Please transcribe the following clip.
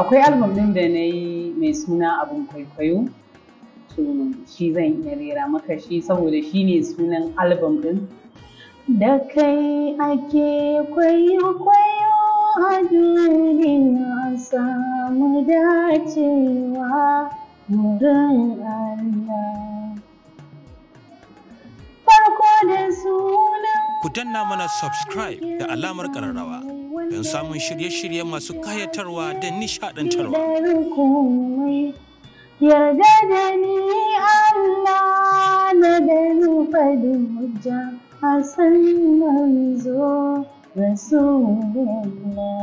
akwai album ɗin da na yi mai suna abun kwaikwayo to shi zan iya rera maka shi saboda shi ne sunan album ɗin. da kai ake kwaikwayo a duniya samu dacewa murin Allah ku danna mana subscribe da alamar kararrawa don samun shirye-shirye masu kayatarwa da nishadantarwa. Yarda da ni Allah na da fadin hujja Hassan manzo Rasulullah.